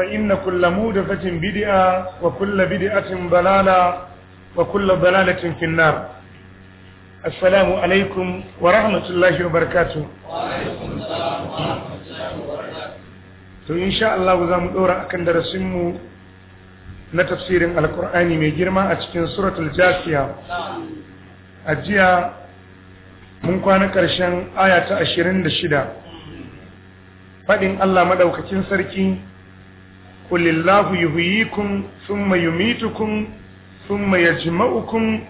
فإن كل مودثة بدعة وكل بدعة ضلالة وكل ضلالة في النار السلام عليكم ورحمة الله وبركاته وعليكم السلام ورحمة to insha Allah za mu dora akan darasin mu na tafsirin alkur'ani mai girma a cikin suratul jasiya a jiya mun kwana ƙarshen aya ta 26 Faɗin Allah maɗaukakin sarki قل الله يحييكم ثم يميتكم ثم يجمعكم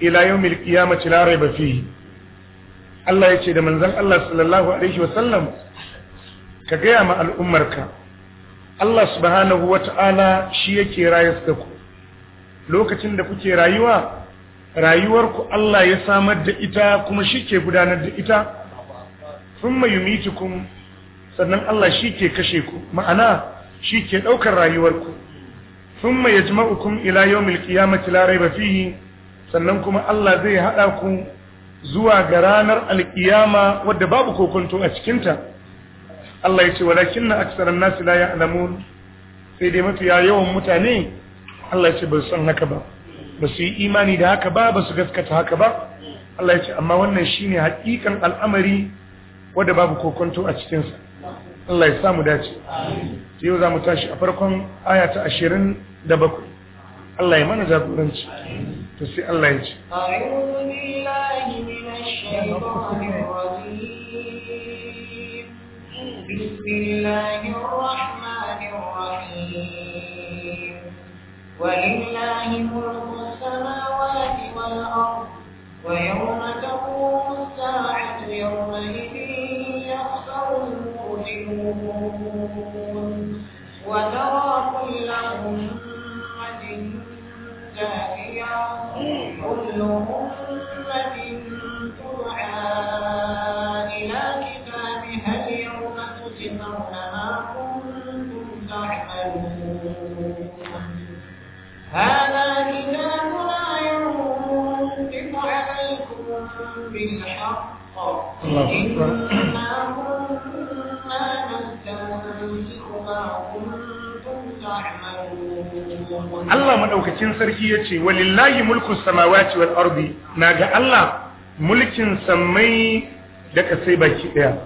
ila yawmil qiyamati la rayba fihi Allah yace da manzon Allah sallallahu alaihi wa sallam ka gaya ma al'ummarka Allah subhanahu wa Ta'ala shi yake rayar da ku lokacin da kuke rayuwa rayuwarku Allah ya samar da ita kuma shi ke gudanar da ita thumma yumitukum sannan Allah shi ke kashe ku ma'ana shi ke ɗaukar rayuwarku sun mai yajma'ukum ila yawmil qiyamati la raiba fihi sannan kuma Allah zai haɗa ku zuwa ga ranar alkiyama wadda babu kokonto a cikinta Allah ya ce walakin na aksarar nasu la sai dai mafiya yawan mutane Allah ya ce ba san haka ba ba su yi imani da haka ba ba su gaskata haka ba Allah ya ce amma wannan shine hakikan al'amari wadda babu kokonto a cikinsa Allah ya samu dace to yau zamu tashi a farkon aya ta 27 Allah ya mana jagoranci to sai Allah ya ce a'udhu billahi minash shaitanir rajim يؤمنون وترى كل أمة جاهية كل أمة ترعى إلى كتابها اليوم تجزون ما كنتم تعملون هذا كتابنا ينطق عليكم بالحق إن Allah maɗaukacin sarki yace walillahi mulku samawati wal ardi naga Allah mulkin samai da kasai baki daya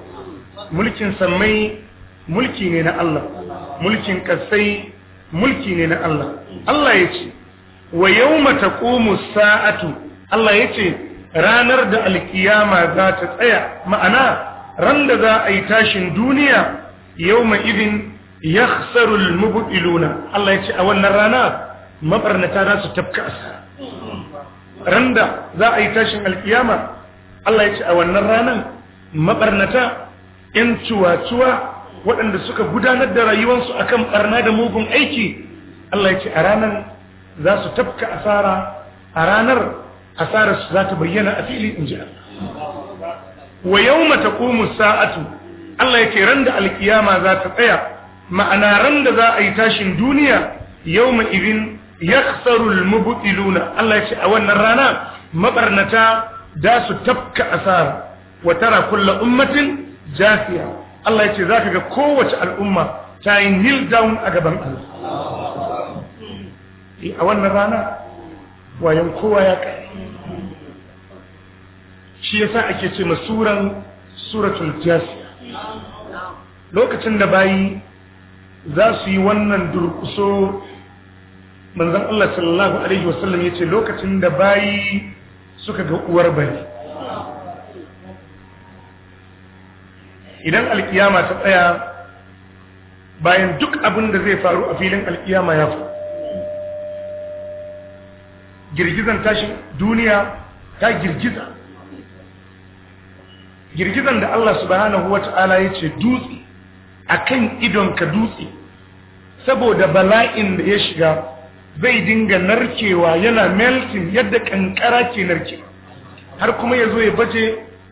mulkin samai mulki ne na Allah mulkin kasai mulki ne na Allah Allah yace wa yawma taqumu sa'atu Allah yace ranar da alkiyama za ta tsaya ma'ana ran da za a yi tashin duniya yawma idin Ya yakhsaru almubtiluna Allah ya ce a wannan rana mabarnata za su tafka asara randa za a yi tashin alkiyama Allah ya ce a wannan ranan mabarnata in cuwa-cuwa waɗanda suka gudanar da rayuwarsu akan ɓarna da mugun aiki Allah ya ce a ranan za su tafka asara a ranar asararsu za ta bayyana a fili in ji wa yau mata sa'atu Allah ya ce randa da alkiyama za ta tsaya ma'ana ran da za a yi tashin duniya yau ma'irin ya tsarul mubutiluna Allah ya ce a wannan rana mabarnata da su tafka asara wa tara kulla ummatin jafiya Allah ya ce za ka ga kowace al'umma ta yi kneel down a gaban Allah eh, a wannan rana wayan kowa ya kai shi yasa ake ce masuran suratul jasiya lokacin da bayi za su yi wannan durkuso manzan Allah sallallahu alaihi wasallam yace lokacin da bayi suka ga uwar bari idan alkiyama ta tsaya bayan duk abin da zai faru a filin alkiyama ya fi girgizan tashin duniya ta girgiza girgizan da Allah subhanahu ya yace dutse akan idon ka dutse saboda bala'in da ya shiga zai dinga narkewa yana melting yadda kankara ke narke har kuma ya zo ya baje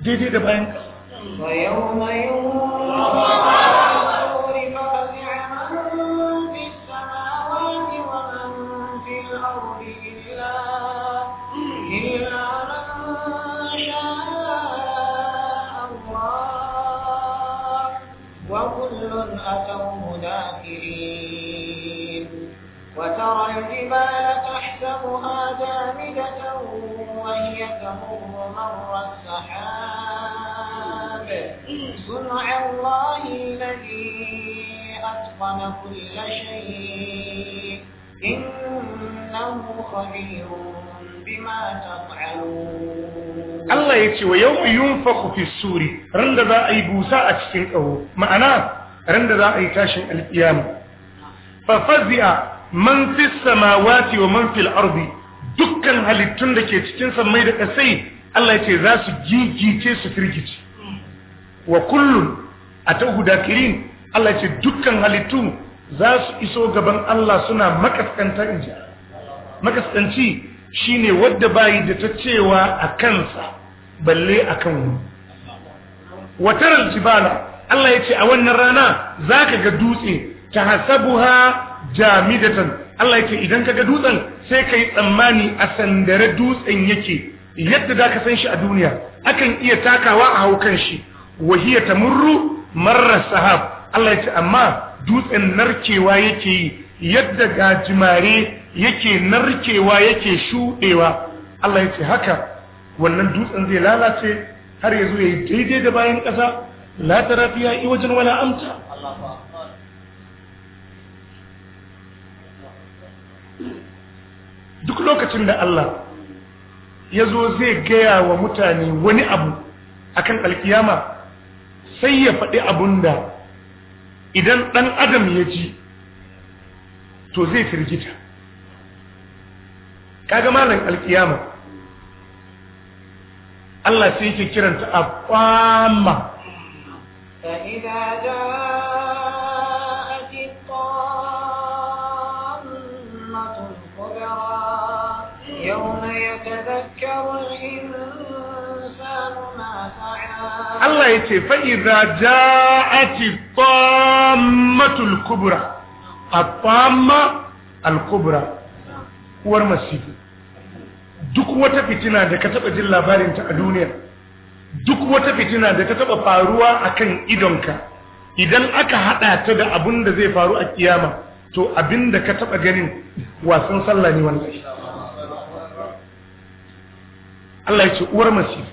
daidai da bayan ƙasa لما تحسبها جامدة وهي تمر مر السحاب صنع الله الذي أتقن كل شيء إنه خبير بما تفعلون الله يتي ويوم ينفخ في السور رند ذا أي بوساء تشتنقه معناه رند ذا أي تاشن القيامة ففزع man fi samawati wa man al ardi dukkan halittun da ke cikin samai da kasai Allah ce za su gigice su firgici wa kullun atahu dakirin Allah ce dukkan halittu za su iso gaban Allah suna makaskanta inji makaskanci shine wanda bayi da ta cewa a kansa balle akan mu. wa jibala Allah ya ce a wannan rana zaka ga dutse ta hasabuha jamidatan Allah yake idan kaga dutsen sai kai tsammani a sandare dutsen yake yadda da ka san shi a duniya akan iya takawa a haukan shi wahiya tamurru marra sahab Allah yake amma dutsen narkewa yake yi yadda gajimare yake narkewa yake shudewa Allah yake haka wannan dutsen zai lalace har yazo yayi daidai da bayan kasa la tarafiya wajen wala amta duk lokacin da Allah ya zo zai gaya wa mutane wani abu akan alkiyama sai ya faɗi abun da idan ɗan adam ya ji to zai firgita kaga malan alƙiyama. Allah sai yake kiranta a kwama Allah ya ce fa'iza ci famatul kubura, a fama al-kubura, uwar masifu. Duk wata fitina da ka taɓa jin labarinta a duniya, duk wata fitina da ta taɓa faruwa a kan idonka, idan aka haɗa ta da abin da zai faru a ƙiyama, to abin da ka taɓa ganin wasan sallah ne wallahi. Allah ya ce uwar masifu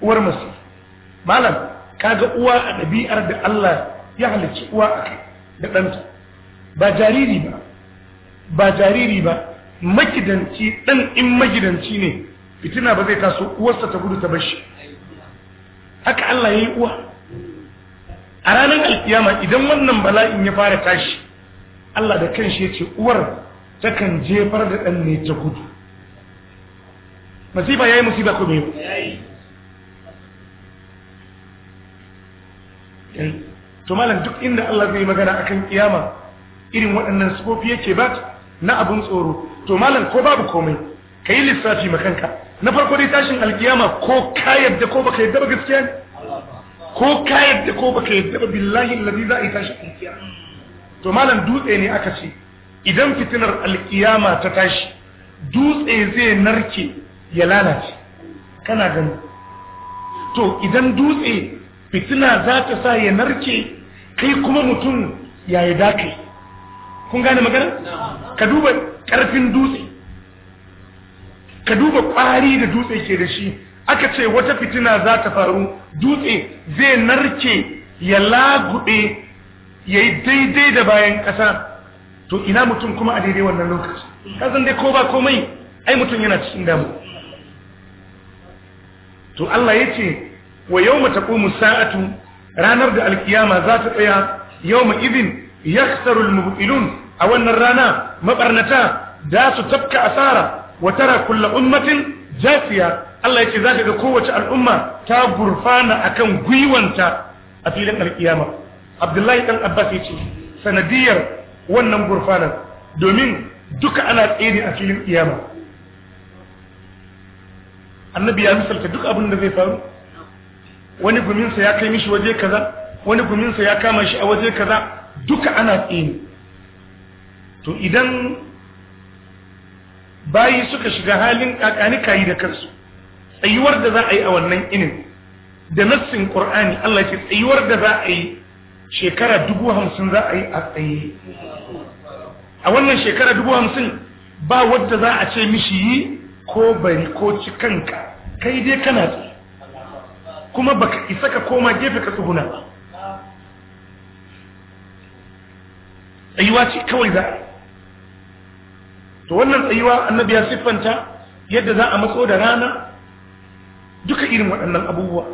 uwar masifu malam kaga uwa a ɗabi'ar da Allah ya halicci uwa a kai da ɗanta ba jariri ba ba jariri ba magidanci ɗan in magidanci ne fitina ba zai taso uwarsa ta gudu ta bashi haka Allah ya yi uwa a ranar alkiyama idan wannan bala'in ya fara tashi Allah da shi ya ce uwar takan jefar da ɗan ne ta gudu masifa yayi musiba ko biyu to malam duk inda Allah zai magana akan kiyama irin waɗannan sifofi yake ba na abun tsoro to malam ko babu komai kai lissafi makanka na farko dai tashin alkiyama ko ka yadda ko baka yadda ba gaskiya ne ko ka yadda ko baka yadda ba billahi allazi za a yi tashin alkiyama to malam dutse ne aka ce idan fitinar alkiyama ta tashi dutse zai narke ya lalace kana gani to idan dutse fitina za ta sa ya narke kai kuma mutum ya yi dakai kun gane magana ka duba karfin dutse ka duba kwari da dutse ke da shi aka ce wata fitina za ta faru dutse zai narke ya lagube ya yi daidai da bayan ƙasa to ina mutum kuma a daidai wannan lokaci kasan dai ko ba komai ai mutum yana cikin damu to Allah ya ce wa yau mata ƙomu sa'atu ranar da alkiyama za ta tsaya yau ma izin ya sarul a wannan rana maɓarnata da su tafka asara wa tara ummatin jafiya Allah ya ce za ka ga kowace al'umma ta gurfana kan gwiwanta a filin alkiyama abdullahi ɗan abbas ya ce sanadiyar wannan gurfanar domin duka ana tsere a filin ƙiyama. annabi ya misalta duk abin da zai faru wani guminsa ya kai mishi waje kaza wani guminsa ya kama shi a waje kaza duka ana tsini to idan bayi suka shiga halin kakanika yi da kansu tsayuwar da za a yi a wannan inin da nassin qur'ani Allah ce tsayuwar da za a yi shekara dubu hamsin za a yi a tsaye a wannan shekara dubu hamsin ba wadda za a ce mishi yi ko bari ko ci kanka kai dai kana tsaye kuma baka isa ka koma gefe ka tsuguna ba tsayuwa ce kawai za to wannan tsayuwa annabi ya siffanta yadda za a matso da rana duka irin waɗannan abubuwa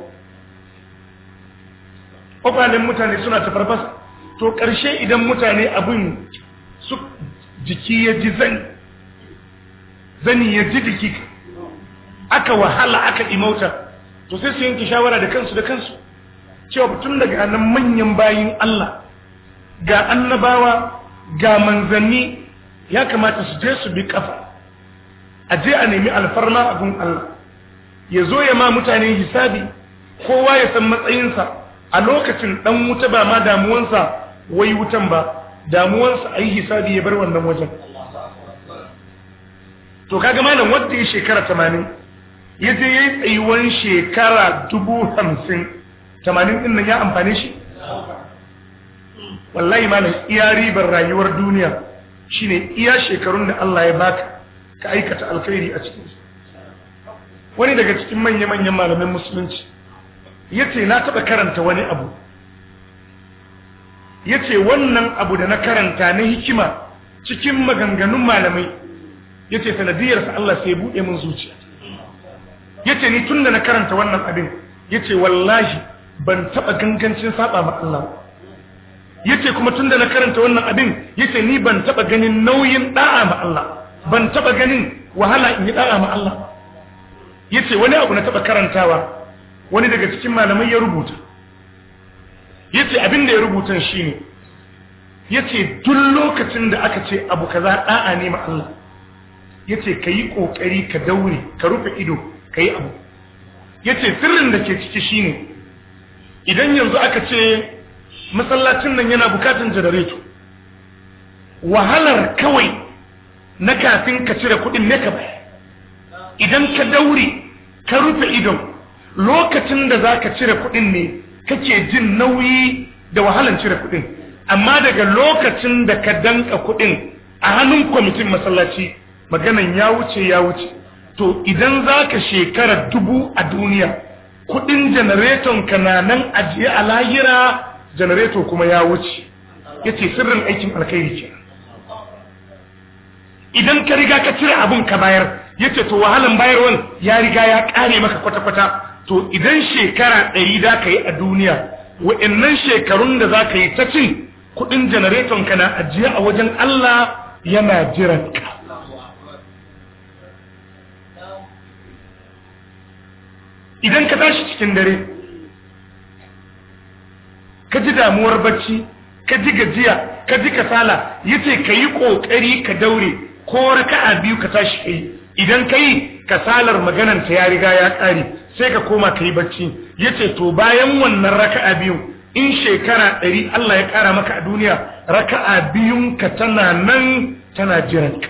ƙwaƙwalen mutane suna ta farfasa to ƙarshe idan mutane abin su jiki ya ji zan zani ya ji jiki aka wahala aka imauta to sai su yanke shawara da kansu da kansu cewa tun daga nan manyan bayin Allah ga annabawa ga manzanni ya kamata su je su bi kafa a je a nemi alfarma abun Allah ya zo ya ma mutane hisabi kowa ya san matsayinsa a lokacin dan wuta ba ma damuwansa wai wutan ba damuwansa a yi hisabi ya bar wannan wajen to kaga malam wanda ya shekara 80 ya je yayi tsayuwan shekara 50 80 din nan ya amfane shi wallahi malam iya ribar rayuwar duniya shine iya shekarun da Allah ya baka ka aikata alkhairi a cikin wani daga cikin manya-manyan malamin musulunci yace na taba karanta wani abu yace wannan abu da na karanta na hikima cikin maganganun malamai yace sanadiyar sa Allah sai bude min zuciya yace ni tunda na karanta wannan abin yace wallahi ban taba gangancin saba ma Allah yace kuma tunda na karanta wannan abin yace ni ban taba ganin nauyin da'a ma Allah ban taba ganin wahala in yi da'a ma Allah yace wani abu na taba karantawa wani daga cikin malamai ya rubuta yace abin da ya rubuta shine yace duk lokacin da aka ce abu kaza da'a ne ma Allah yace ka yi ƙoƙari ka daure ka rufe ido ka yi abu yace sirrin da ke ciki ne idan yanzu aka ce masallacin nan yana bukatun janareto wahalar kawai na kafin ka cire kuɗin ne ka bayar idan ka daure ka rufe ido lokacin da za ka cire kuɗin ne kake jin nauyi da wahalar cire kuɗin amma daga lokacin da ka danka kuɗin a hannun kwamitin masallaci maganan ya wuce ya wuce to idan za ka shekara dubu a duniya kudin janareton ka na nan ajiye a lahira janareto kuma ya wuce ya ce sirrin aikin alkhairi ke idan ka riga ka cire abun ka bayar ya ce to wahalan bayarwan ya riga ya kare maka kwata-kwata to idan shekara ɗari da ka yi a duniya wa'annan shekarun da za ka yi ta cin kudin janareton ka na ajiye a wajen Allah yana jiran ka idan ka tashi cikin dare ka ji damuwar bacci ka ji gajiya ka ji kasala ya ce ka yi ƙoƙari ka daure ko raka'a biyu ka tashi ka yi. idan ka yi kasalar magananta ya riga ya ƙari sai ka koma ka yi bacci ce to bayan wannan raka'a biyu in shekara ɗari Allah ya ƙara maka a duniya raka'a biyunka tana nan tana jiranka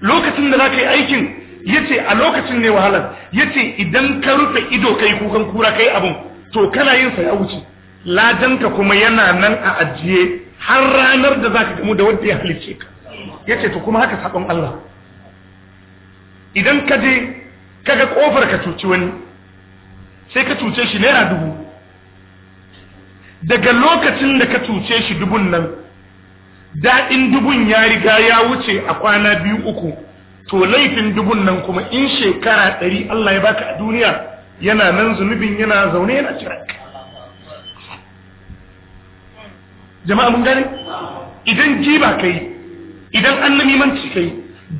lokacin da za ka yi aikin yace a lokacin ne wahalar yace idan ka rufe ido kai kukan kura kai abun to kana yin sa ya wuce ladanka kuma yana nan a ajiye har ranar da zaka gamu da wanda ya halice ka yace to kuma haka sabon Allah idan ka je kaga kofar ka cuci wani sai ka cuce shi naira dubu daga lokacin da ka cuce shi dubun nan daɗin dubun ya riga ya wuce a kwana biyu uku to laifin dubun nan kuma in shekara ɗari Allah ya baka a duniya yana nan zunubin yana zaune yana cire jama'a mun gane idan jiba kai idan an namimanci kai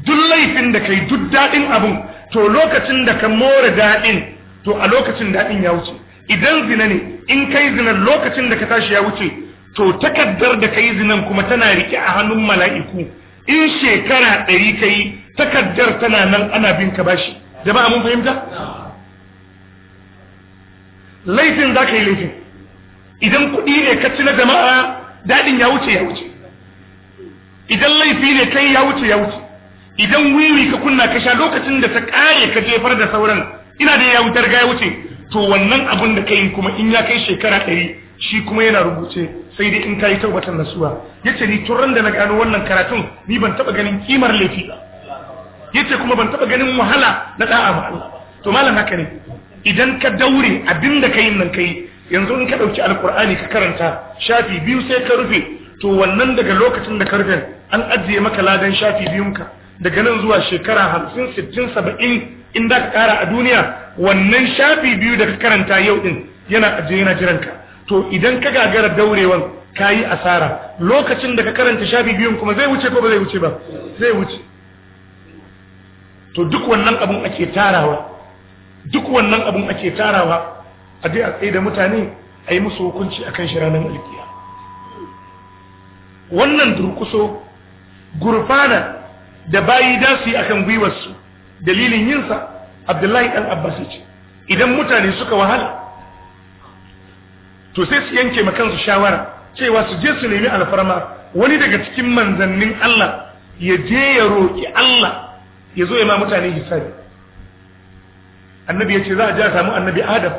duk laifin da kai duk daɗin abin to lokacin da ka more daɗin to a lokacin daɗin ya wuce idan zina ne in kai zinan lokacin da ka tashi ya wuce to takaddar da kai zinan kuma tana rike a hannun mala'iku in shekara ɗari kai Takardar tana nan ana bin ka bashi da ba mun fahimta laifin za ka yi laifin idan kuɗi ne ka ci na jama'a daɗin ya wuce ya wuce idan laifi ne kai ya wuce ya wuce idan wiwi ka kunna ka sha lokacin da ta ƙare ka jefar da sauran ina da ya wutar ga ya wuce to wannan abun da kai kuma in ya kai shekara ɗari shi kuma yana rubuce sai dai in ka yi taubatan nasuwa ya ce ni tun da na gano wannan karatun ni ban taɓa ganin kimar laifi ba yace kuma ban taba ganin wahala na da'a ba Allah to malam haka ne idan ka daure abinda kai nan kai yanzu in ka dauki alqur'ani ka karanta shafi biyu sai ka rufe to wannan daga lokacin da ka rufe an ajiye maka ladan shafi biyunka daga nan zuwa shekara 50 60 70 in da ka kara a duniya wannan shafi biyu da ka karanta yau din yana ajiye yana jiranka to idan ka gagara daurewan kayi asara lokacin da ka karanta shafi biyun kuma zai wuce ko ba zai wuce ba zai wuce to duk wannan abun ake tarawa duk wannan abun ake tarawa a dai a tsaye da mutane a yi musu hukunci a kan shi ranar alkiya wannan durkuso gurfana da bayi da su yi kan gwiwarsu dalilin yinsa abdullahi ɗan abbas ce idan mutane suka wahala to sai su yanke makansu shawara cewa su je su nemi alfarma wani daga cikin manzannin Allah ya je ya roƙi Allah ya zo ya ma mutane hisabi annabi ya ce za a ja samu annabi adam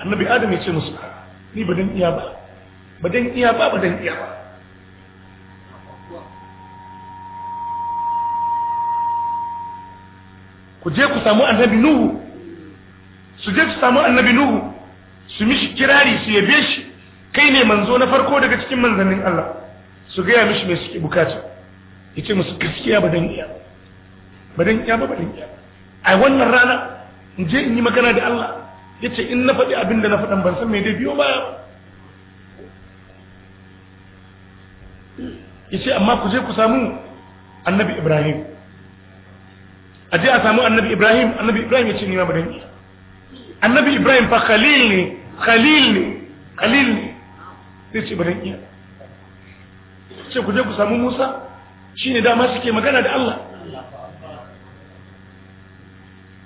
annabi adam ya ce musu ni ba dan iya ba ba dan iya ba ba dan iya ba ku je ku samu annabi nuhu su je su samu annabi nuhu su mishi kirari su yabe shi kai ne manzo na farko daga cikin manzannin Allah su gaya mishi mai suke bukata ya ce musu gaskiya ba dan iya ba ba dan ba badan dan iya a wannan rana in je in yi magana da Allah yace in na faɗi abin da na faɗan ban san me dai biyo ba Yace amma ku je ku samu annabi Ibrahim a je a samu annabi Ibrahim annabi Ibrahim ya ce ni ma ba dan annabi Ibrahim fa khalil ne khalil ne khalil ne yace ce ba dan ku je ku samu Musa shine dama suke magana da Allah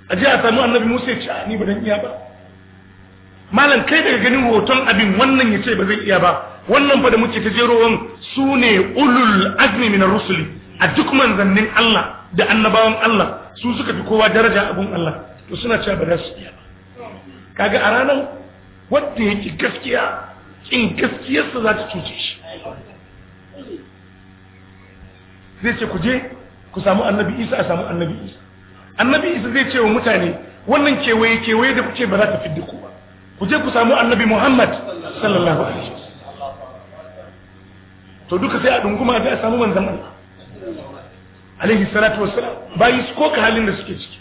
a ji a samu annabi musa ya ce ni ba dan iya ba malam kai daga ganin hoton abin wannan ya ce ba zai iya ba wannan fa da muke ta jerowan su ne ulul azmi min rusuli a duk manzannin Allah da annabawan Allah su suka fi kowa daraja abun Allah to suna cewa ba za su iya ba kaga a ranar wanda yake gaskiya in gaskiyarsa za ta cuce shi zai ce ku je ku samu annabi isa a samu annabi isa annabi isa zai ce wa mutane wannan kewaye kewaye da kuke ba za ta fidda ku ba ku je ku samu annabi muhammad sallallahu alaihi wasallam to duka sai a dunguma da a samu manzon Allah alaihi salatu wassalam bayi su koka halin da suke ciki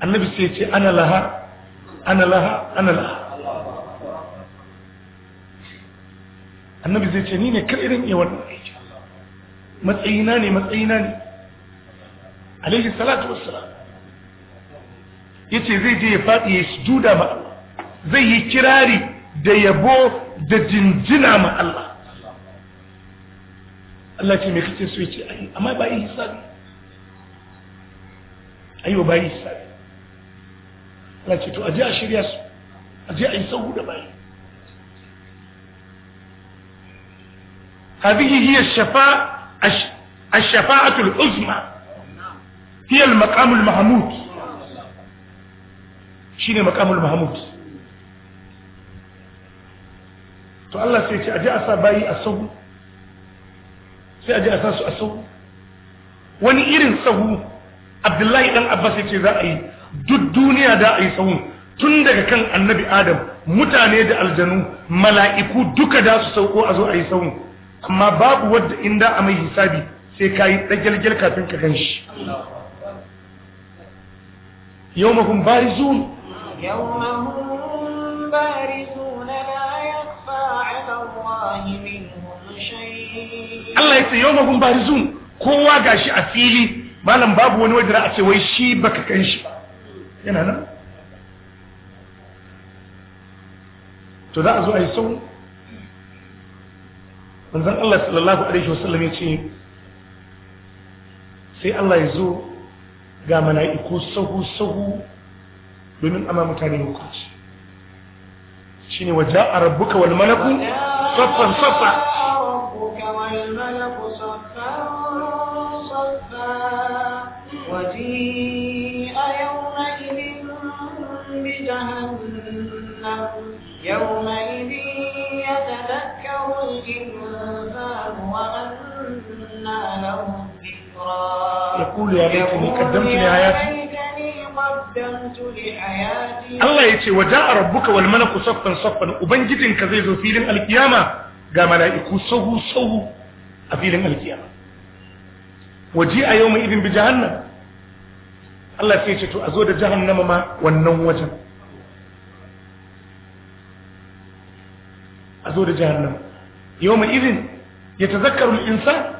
annabi sai ce ana laha ana laha ana laha annabi zai ce ni ne kar irin iya wannan aiki matsayina ne matsayina ne alaihi salatu Ya ce zai je ya faɗi ya sujuda ma Allah zai yi kirari da yabo da jinjina ma Allah Allah ce me kace so yace ai amma ba yi hisabi ayo ba yi hisabi Allah ce to aje a shirya su aje a yi sahu da bayi هذه هي الشفاعة الشفاعة العظمى hiyal maqamul mahmud shine maqamul mahmud to Allah sai ce aje a sa bayi a sahu sai aje a sa su a sahu wani irin sahu Abdullahi dan Abbas yace za a yi duk duniya da a yi tun daga kan annabi Adam mutane da aljanu mala'iku duka da su sauko a zo a yi sahun amma babu wadda inda a mai hisabi sai ka yi ɗagyalgyal kafin ka gan shi يومهم بارزون يومهم بارزون لا يخفى على الله منهم شيء الله يسي يومهم بارزون gashi a fili malam babu wani wajen a ce wai shi baka kan shi yana nan to za a zo a yi sau manzan Allah sallallahu alaihi wasallam ya sai Allah ya zo ga mana'iku sahu-sahu domin amma mutane hukunci shi ne waje a rabbuka wal malaku saffan saffa أقول يا ليت إني قدمت لحياتي Allah ya ce wa ja'a rabbuka wal malaku saffan ubangijin ka zai zo filin alkiyama ga mala'iku sahu sahu a filin alkiyama waji a yawmin idin bi jahannam Allah sai ce to a zo da ma wannan wajen a zo da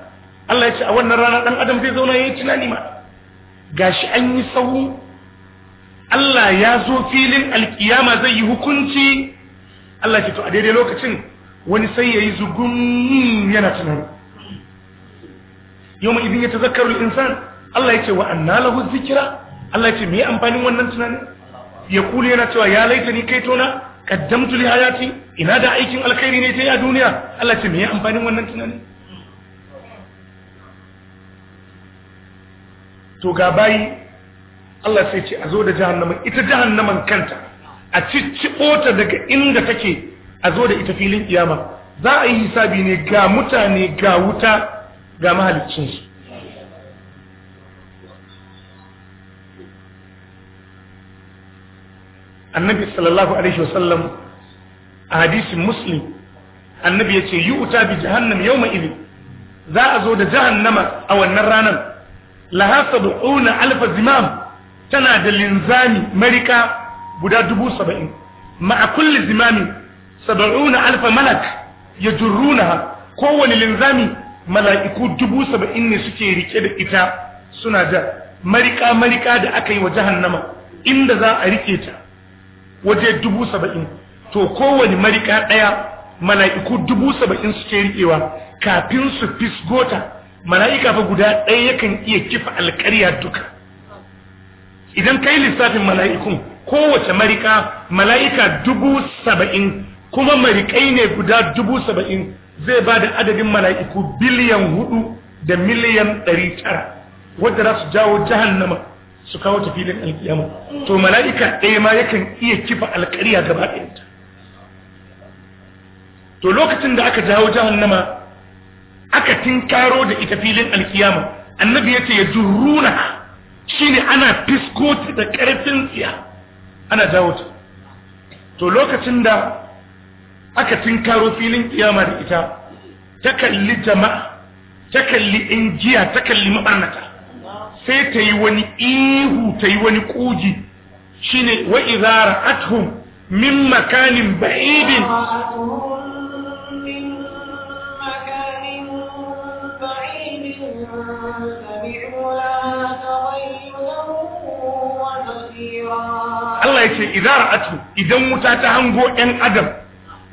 Allah ya ce a wannan rana dan adam zai zauna yayi tunani ma gashi an yi sahu Allah ya zo filin alkiyama zai yi hukunci Allah ce to a daidai lokacin wani sai yayi zugun yana tunani yawma idin ta al-insan Allah ya ce wa anna lahu zikira Allah ya ce me amfanin wannan tunani ya kuli yana cewa ya laita ni kai tona kaddamtu li hayati ina da aikin alkhairi ne yi a duniya Allah ya ce me amfanin wannan tunani to ga bayi Allah sai ce a zo da jahannaman ita jahannaman kanta a cicciɓo ta daga inda take a zo da ita filin kiyama za a yi hisabi ne ga mutane ga wuta ga mahaliccinsu annabi sallallahu alaihi wasallam a hadisin muslim annabi ya ce yi wuta bi jahannam yau ma'ili za a zo da jahannama a wannan ranar laha sab'una alfa zimam tana da linzami marika guda dubu saba'in ma'a kulli zimami saba'una alfa malak ha kowane linzami mala'iku dubu saba'in ne suke rike da ita suna da marika marika da aka yi wa jahannama inda za a rike ta waje dubu saba'in to kowane marika ɗaya mala'iku dubu saba'in suke riƙewa kafin su fisgota mala'ika fa guda ɗaya yakan iya kifa alƙarya duka idan kai lissafin mala'ikun kowace marika mala'ika dubu saba'in kuma marikai ne guda dubu saba'in zai ba da adadin mala'iku biliyan hudu da miliyan ɗari tara wadda za su jawo jahannama su kawo ta filin to mala'ika ɗaya ma yakan iya kifa alƙarya gaba ɗayanta to lokacin da aka jawo jahannama aka tinkaro da ita filin alkiyama annabi ya ce ya durruna shine ana fiskoti da karfin tsiya ana jawo ta to lokacin da aka tinkaro filin kiyama da ita ta kalli jama'a ta kalli injiya ta kalli mabarnata sai ta yi wani ihu ta yi wani ƙuji, shine ne wa'izara ra'atuhum min makanin ba'idin Allah ya ce ra'atu idan wuta ta hango ɗan adam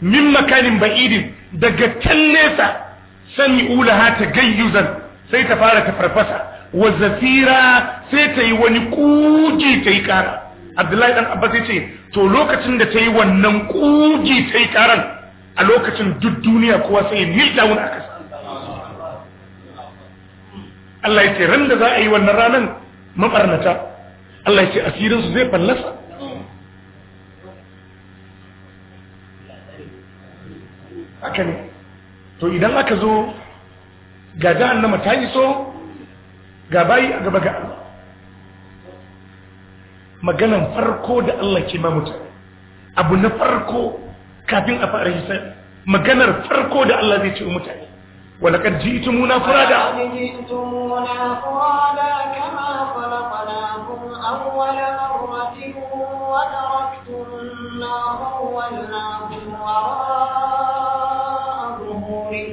min makanin ba'idin daga can nesa sani ulaha ta gayyuzan sai ta fara ta farfasa wa zafira sai ta yi wani kuji ta yi kara abdullahi dan abbas zai ce to lokacin da ta yi wannan kuji ta yi karan a lokacin duk duniya kowa sai nil down a kasa Allah ya ce ran da za a yi wannan ranan mabarnata Allah ya ce asirin su zai fallasa haka ne to idan aka zo ga na ta iso ga bayi a gaba ga Allah maganan farko da Allah ke ma mutane abu na farko kafin a fara hisab maganar farko da Allah zai ce mutane ولقد جئتمونا فرادا أول مرة وتركتم ما خولناكم وراء ظهوركم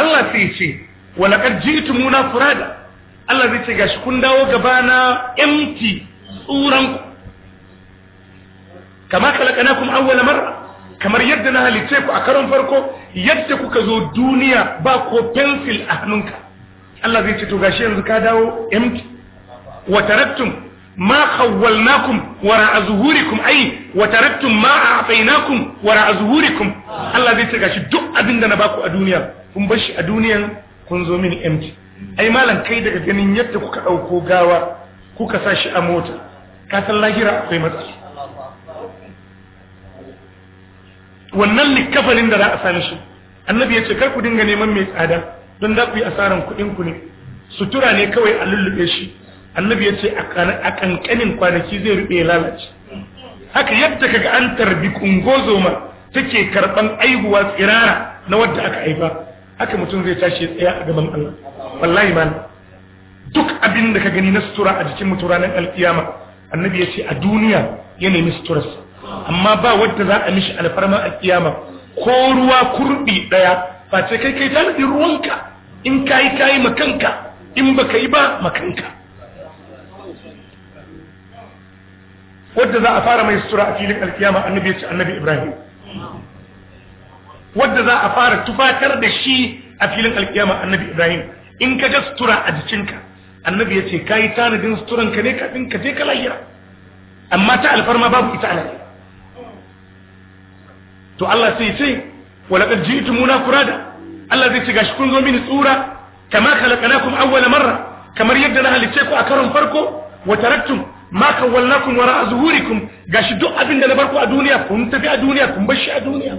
الله سيشي ولقد جئتمونا فرادا Allah zai ce gashi kun dawo gaba na emti tsuranku kama kalakanakum awwala marra kamar yadda na halice ku a karon farko yadda kuka zo duniya ba ko pencil a hannunka Allah zai ce to gashi yanzu ka dawo emti wa taraktum ما خولناكم وراء ظهوركم أي وتركتم ما أعطيناكم وراء ظهوركم الله زي تغاشي duk abinda na baku a duniya kun bar a duniyan kun zo mini empty ai malam kai daga ganin yadda kuka ɗauko gawa kuka sa shi a mota ka san lahira akwai matsala wannan likafanin da za a sami shi annabi ya ce kar ku dinga neman mai tsada don da ku yi asaran kuɗin ku ne sutura ne kawai a lullube shi annabi ya ce a kankanin kwanaki zai rube lalace haka yadda kaga an tarbi kungozoma take karban aihuwa tsirara na wadda aka haifa haka mutum zai tashi tsaya a gaban Allah wallahi man duk abin da ka gani na sutura a jikin mutum ranar alkiyama annabi ya ce a duniya ya nemi suturas amma ba wadda za a mishi alfarma alkiyama ko ruwa kurbi daya face kai kai tanadin ruwanka in kayi kayi makanka in baka yi ba makanka wadda za a fara mai sutura a filin alkiyama annabi ce annabi ibrahim wadda za a fara tufatar da shi a filin alkiyama annabi ibrahim in ka ga sutura a jikinka annabi ya ce ka yi tanadin suturanka ne kafin ka je ka lahira amma ta alfarma babu ita to Allah sai ce walaƙar ji ita muna Allah zai ce gashi kun zo mini tsura kama kalakana kuma marra kamar yadda na halice ku a karon farko wa taraktum ma kawwalnakum wara azhurikum gashi duk abin da na barku a duniya kun tafi a duniya kun bar shi a duniya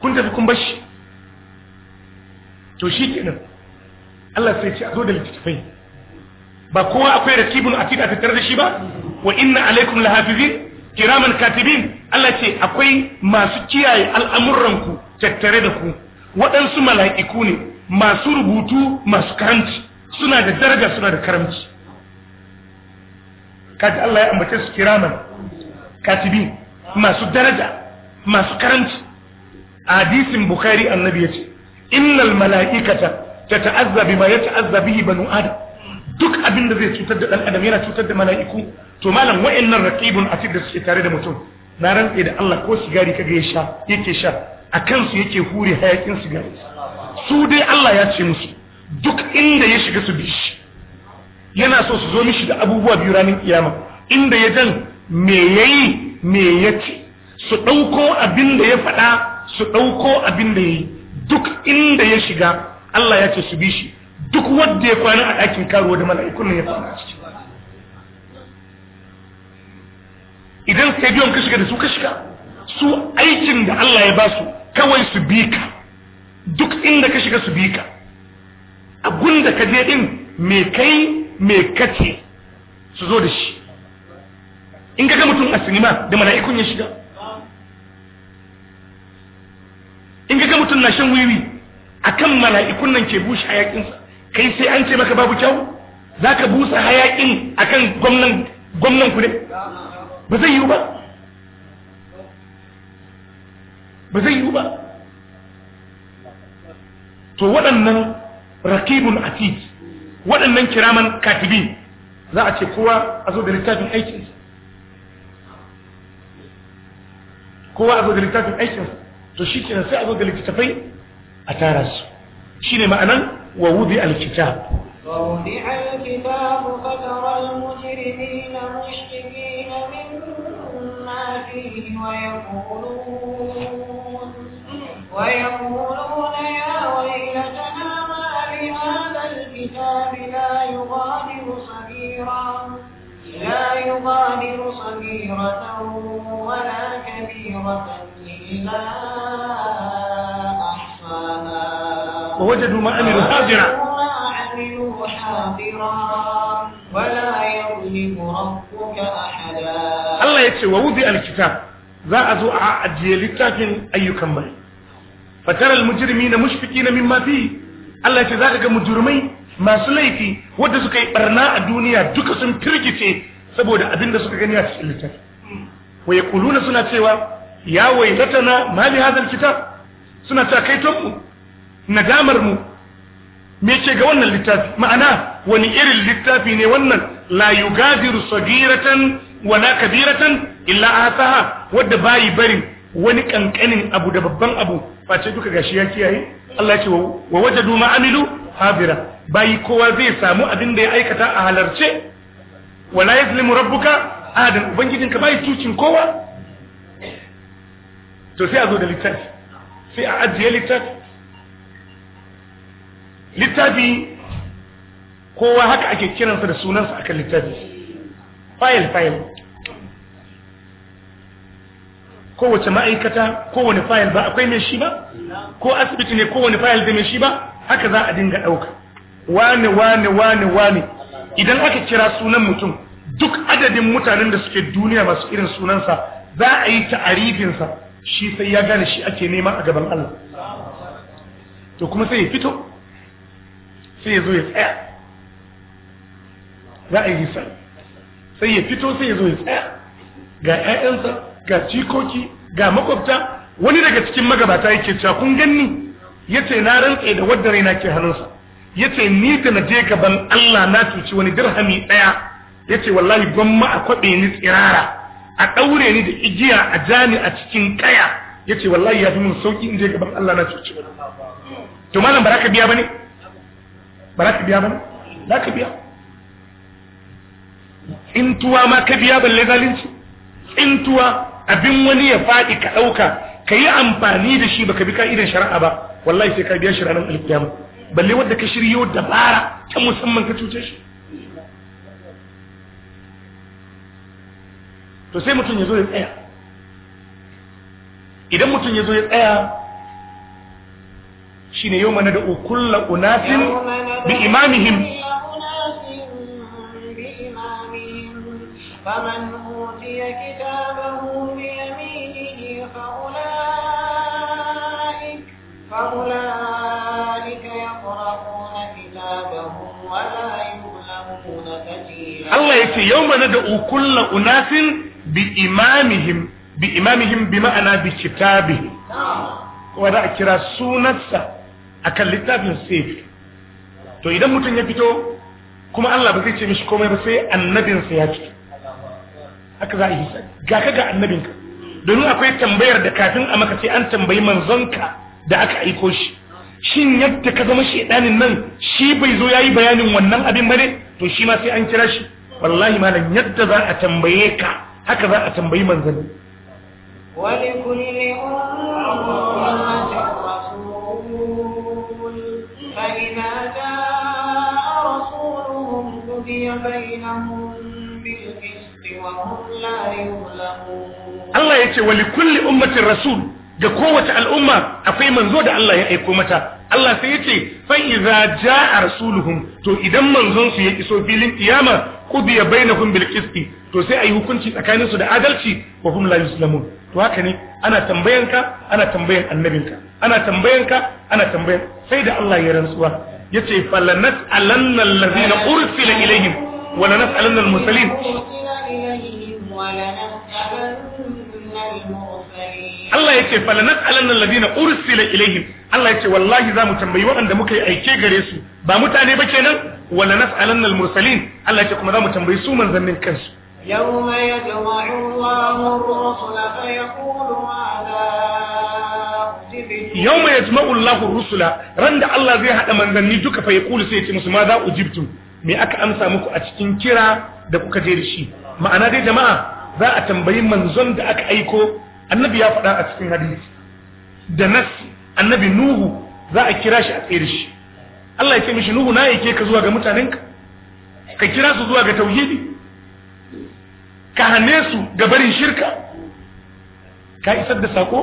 kun tafi kun bar shi to shi kenan Allah sai ce a zo da littattafai ba kowa akwai rakibun atid a tattare da shi ba wa inna alaikum lahafizin kiraman katibin Allah ce akwai masu kiyaye al'amuranku tattare da ku waɗansu mala'iku ne masu rubutu masu karanci suna da daraja suna da karamci kaji Allah ya ambace su kiraman katibi, masu daraja masu karamci hadisin bukhari annabi yace innal mala'ikata tata'azza bima yata'azza bihi banu adam duk abin da zai cutar da dan adam yana cutar da mala'iku to malam wa'annan raqibun atid da suke tare da mutum na rantsa da Allah ko sigari kaga ya sha yake sha akan su yake hure hayakin sigari su dai Allah ya ce musu duk inda ya shiga su bi shi yana so su zo mishi da abubuwa biyu ranar kiyama inda ya jan me yayi me ya ce su ɗauko abin da ya faɗa su ɗauko abin da ya yi duk inda ya shiga Allah ya ce su bi shi duk wadda ya kwana a ɗakin karuwa da mala'ikun ya kwana a ciki idan biyan ka shiga da su ka shiga su aikin da Allah ya ba su kawai su bi ka duk inda ka shiga su bi ka abun da ka je din me kai me kace su zo da shi in kaga mutum a sinima da mala'ikun ya shiga in kaga mutum na shan wiwi akan mala'ikun nan ke bushe sa kai sai an ce maka babu kyau zaka busa hayakin akan gwamnan gwamnan ku ne ba zai yiwu ba ba zai yiwu ba to waɗannan rakibun atid waɗannan kiraman katibin za a ce kowa a zo da littafin aikinsa kowa a zo da littafin aikinsa to shi kenan sai a zo da littattafai a tara su shi ne ma'anan wa wudi alkitab ووضع الكتاب فترى المجرمين مشركين مما فيه ويقولون ويقولون يا يغادر صغيرا لا يغادر صغيرة ولا كبيرة إلا أحصاها ووجدوا ما عملوا حاضرا ولا يظلم ربك أحدا الله يكسي ووضع الكتاب ذا أزوء أجي لتاكن أي كمل فترى المجرمين مشفقين مما فيه الله يكسي مجرمين masu laifi wadda suka yi barna a duniya duka sun firgice saboda abin da suka gani a cikin littafi Waye Kuluna suna cewa ya wailatana mali hadha alkitab suna ta kaiton mu nadamar mu me ce ga wannan littafi ma'ana wani irin littafi ne wannan la yugadiru sagiratan wala kabiratan illa ataha wadda bayi barin wani kankanin abu da babban abu face duka gashi ya kiyaye Allah ya ce wa wajadu ma amilu habira bayi kowa zai samu abin da ya aikata a halarce wala yazlimu rabbuka ubangijin ka bai tucin kowa to sai a zo da littafi sai a ajiye littafi littafi kowa haka ake kiransa da sunansa akan littafi fayil fayil kowace ma'aikata kowane fayil ba akwai mai shi ba ko asibiti ne kowane fayil da mai shi ba haka za a dinga ɗauka wane wane wane wane idan aka kira sunan mutum duk adadin mutanen da suke duniya masu irin sunansa za a yi ta'arifinsa shi sai ya gane shi ake nema a gaban Allah to kuma sai ya fito sai ya zo ya tsaya za a yi sai sai ya fito sai ya zo ya tsaya ga 'ya'yansa ga cikoki ga makwabta wani daga cikin magabata yake cakun ganni ganni yace na rantsa da wadda raina ke hannunsa ce ni da na je gaban Allah na cuci wani dirhami Ya ce wallahi gwamma a kwaɓe ni tsirara a ɗaure ni da igiya a jani a cikin kaya ce wallahi ya fi mun sauki in je gaban Allah na cuci wani to malam ka biya ba ne? za ka biya ba ne? Za ka biya in tuwa ma ka biya balle zalunci in tuwa abin wani ya faɗi ka ɗauka ka yi amfani da shi baka bi ka'idan shari'a ba wallahi sai ka biya shi ranar alƙiyama balle wadda ka shiryo dabara ta musamman ka cuce shi to sai mutum ya zo ya tsaya idan mutum ya zo ya tsaya shi ne yau mana da ukulla unafin bi imamihim فمن أوتي كتابه Allah ya ce yau mana da ukulla unasin bi imamihim bi imamihim bi ma'ana bi kitabihim wanda a kira sunansa akan littafin sai to idan mutum ya fito kuma Allah ba zai ce mishi komai ba sai annabinsa ya fito haka za a yi ga ka ga annabinka domin akwai tambayar da kafin a maka sai an tambayi manzonka da aka aiko shi shin yadda ka zama shedanin nan shi bai zo yayi bayanin wannan abin bane to shi ma sai an kira shi wallahi ma malam yadda za a tambaye ka haka za a tambayi manzanni ولكل أمة رسول فإذا جاء رسولهم قضي بينهم بالقسط وهم لا يظلمون الله يتي ولكل أمة رسول ga kowace al'umma akwai manzo da Allah ya aiko mata Allah sai ya ce fa iza jaa rasuluhum to idan manzon su ya iso filin kiyama qudiya bainahum bil qisti to sai ayi hukunci tsakanin su da adalci wa hum la yuslamun to haka ne ana tambayanka ana tambayan annabinka ana tambayanka ana tambayan sai da Allah ya rantsuwa yace falanat alanna allazina ursila ilaihim wa lanas'alanna al mursalin wa lanas'alanna al Allah yace falanat alanna alladhina ursila ilaihim Allah yace wallahi zamu tambayi waɗanda muka yi aike gare su ba mutane ba kenan wala nas'alanna almursalin Allah ce kuma mu tambayi su manzannin kansu yawma yajma'u Allahu ar-rusula fa yaqulu madha yawma yajma'u Allahu ar-rusula randa Allah zai hada manzanni duka fa yaqulu sai yace musu maza ujibtu me aka amsa muku a cikin kira da kuka je da shi ma'ana dai jama'a za a tambayi manzon da aka aiko annabi ya faɗa a cikin hadisi da nassi annabi nuhu za a kira shi a tsere shi Allah ya ce mishi nuhu na yake ka zuwa ga mutanenka ka kira su zuwa ga tauhidi ka hane su ga barin shirka ka isar da sako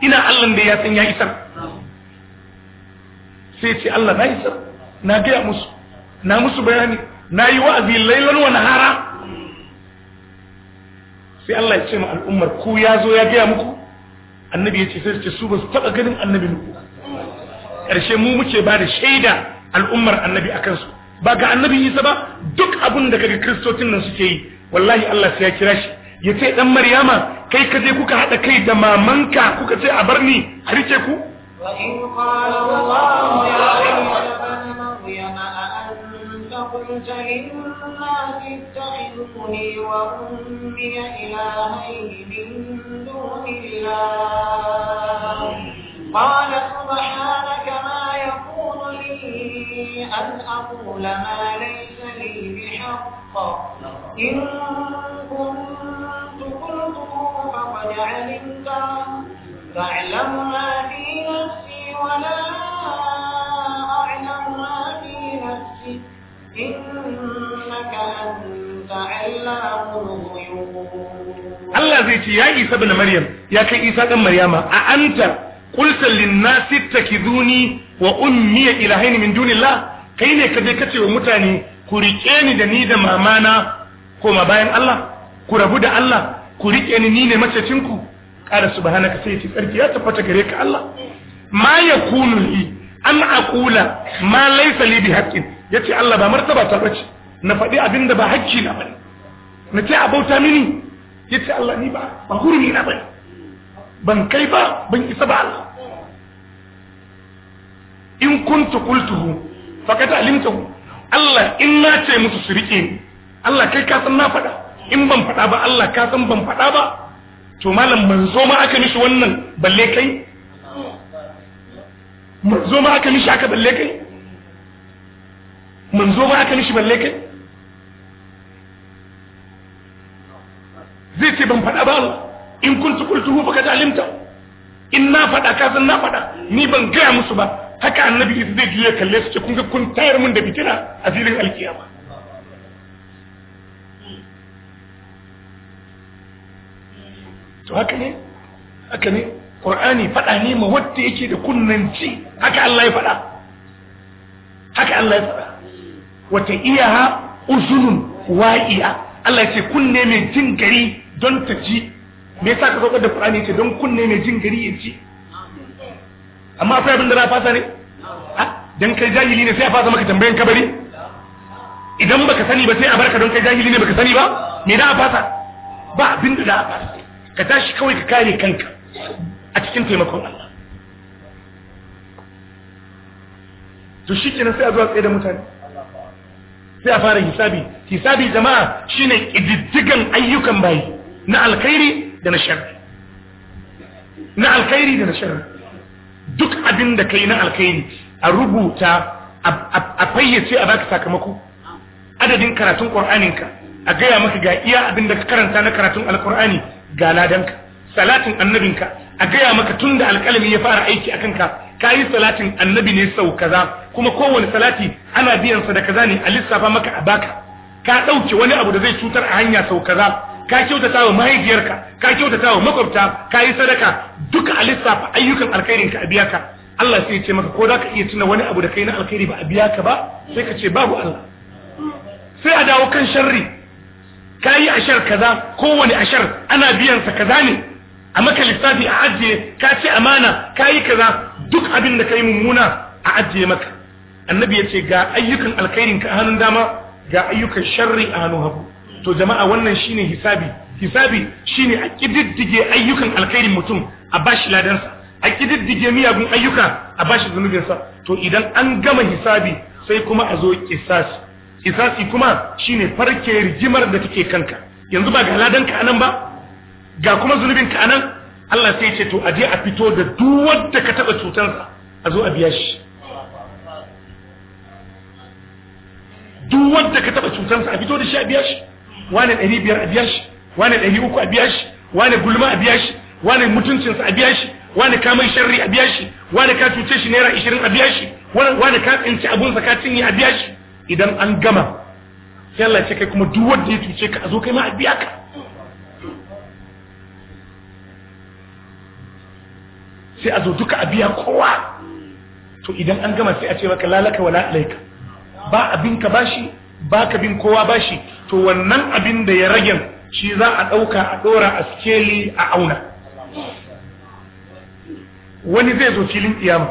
ina Allah da ya san ya isar sai ce Allah na isar na gaya musu na musu bayani na yi wa'azi lailan wa nahara sai Allah ya ce ma al'ummar ku ya zo ya gaya muku annabi ya ce sai su ce su ba su taɓa ganin annabi muku. ƙarshe mu muke ba da shaida al'ummar annabi a kansu ba ga annabi isa ba duk abin da kaga kristocin nan suke yi wallahi Allah sai ya kira shi ya ce dan maryama kai ka je kuka haɗa kai da mamanka kuka ce a bar ni a rike ku أنت للناس اتخذني وأمي إلهين من دون الله قال سبحانك ما يقول لي أن أقول ما ليس لي بحق إن كنت قلته فقد علمت فاعلم ما في نفسي ولا Allah zai ce ya Isa bin Maryam ya kai Isa ɗan Maryama a anta qulta lin-nasi takizuni wa ummi ilahaini min dunillah kai ne kaje kace wa mutane ku rike ni da ni da mamana koma bayan Allah ku rabu da Allah ku rike ni ni ne macecin ku qala subhanaka sai ce tsarki ya tabbata gare ka Allah ma yakunu li an aqula ma laysa li bihaqqin yace Allah ba martaba ta bace na faɗi abinda ba hakki na bane na ce a bauta mini ya ce Allah ni ba ba hurumi na bai ban kai ba ban isa ba Allah in kuntu qultuhu faqad ku Allah in na ce musu su rike ni Allah kai ka san na faɗa in ban faɗa ba Allah ka san ban faɗa ba to malam manzo ma aka mishi wannan balle kai manzo ma aka mishi aka balle kai manzo ma aka mishi balle kai zai ce ban faɗa ba in kuntu qultuhu ka alimta in na faɗa ka san na faɗa ni ban gaya musu ba haka annabi isa zai juya kalle su ce kun ga kun tayar min da fitina a filin alkiyama to haka ne haka ne qur'ani faɗa ne ma wanda yake da kunnanci haka Allah ya faɗa haka Allah ya faɗa wata iyaha uzunun wa'iya Allah ya ce kunne mai jin gari don ta ci me yasa ka saukar da Qur'ani ya ce don kunne mai jin gari ya ci amma akwai abin da na a fasa ne dan kai jahili ne sai a fasa maka tambayan kabari idan baka sani ba sai a barka don kai jahili ne baka sani ba me da a fasa ba abin da za a fasa ka tashi kawai ka kare kanka a cikin taimakon Allah to shi kenan sai a zuwa tsaye da mutane sai a fara hisabi hisabi jama'a shine ƙididdigan ayyukan bayi na alkhairi da na sharri na alkhairi da na sharri duk abin da kai na alkhairi a rubuta a fayyace a baka sakamako adadin karatun qur'aninka a gaya maka ga iya abin da ka karanta na karatun alqur'ani ga ladanka salatin annabinka a gaya maka tun da alƙalami ya fara aiki a kanka ka yi salatin annabi ne sau kaza kuma kowane salati ana biyan sa da kaza ne a lissafa maka a baka ka dauke wani abu da zai cutar a hanya sau kaza ka kyautata wa mahaifiyarka ka kyautata wa makwabta ka yi sadaka duka a lissafa ayyukan alkhairin ka a biya ka Allah sai ya ce maka ko za ka iya tuna wani abu da kai na alkhairi ba a biya ka ba sai ka ce babu Allah sai a dawo kan sharri ka yi ashar kaza kowane ashar ana biyan sa kaza ne a maka lissafi a ajiye ka ce amana ka yi kaza duk abin da ka yi mummuna a ajiye maka annabi ya ce ga ayyukan alkhairin ka a hannun dama ga ayyukan sharri a hannun hagu to jama'a wannan shine hisabi hisabi shine a kididdige ayyukan alkhairin mutum a bashi ladansa a kididdige miyagun ayyuka a bashi zunubinsa to idan an gama hisabi sai kuma a zo kisasi kisasi kuma shine farke rigimar da take kanka yanzu ba ga ladanka anan ba ga kuma zunubinka anan Allah sai ya ce to aje a fito da duk wanda ka taba cutansa a zo a biya shi duk wanda ka taba cutansa a fito da shi a biya shi wane ɗari biyar a biya shi wane ɗari uku a biya shi wane gulma a biya shi wane mutuncinsa a biya shi wane ka mai sharri a biya shi wane ka cuce shi naira ishirin a biya shi wane ka tsinci sa ka cinye a biya shi idan an gama sai Allah ce kai kuma duk wanda ya cuce ka a zo kai ma a biya ka sai a zo duka a biya kowa to idan an gama sai a ce maka lalaka wala alaika ba abin ka bashi ba ka bin kowa bashi to wannan abin da ya ragen shi za a ɗauka a ɗora a skeli a auna wani zai zo filin iyamu.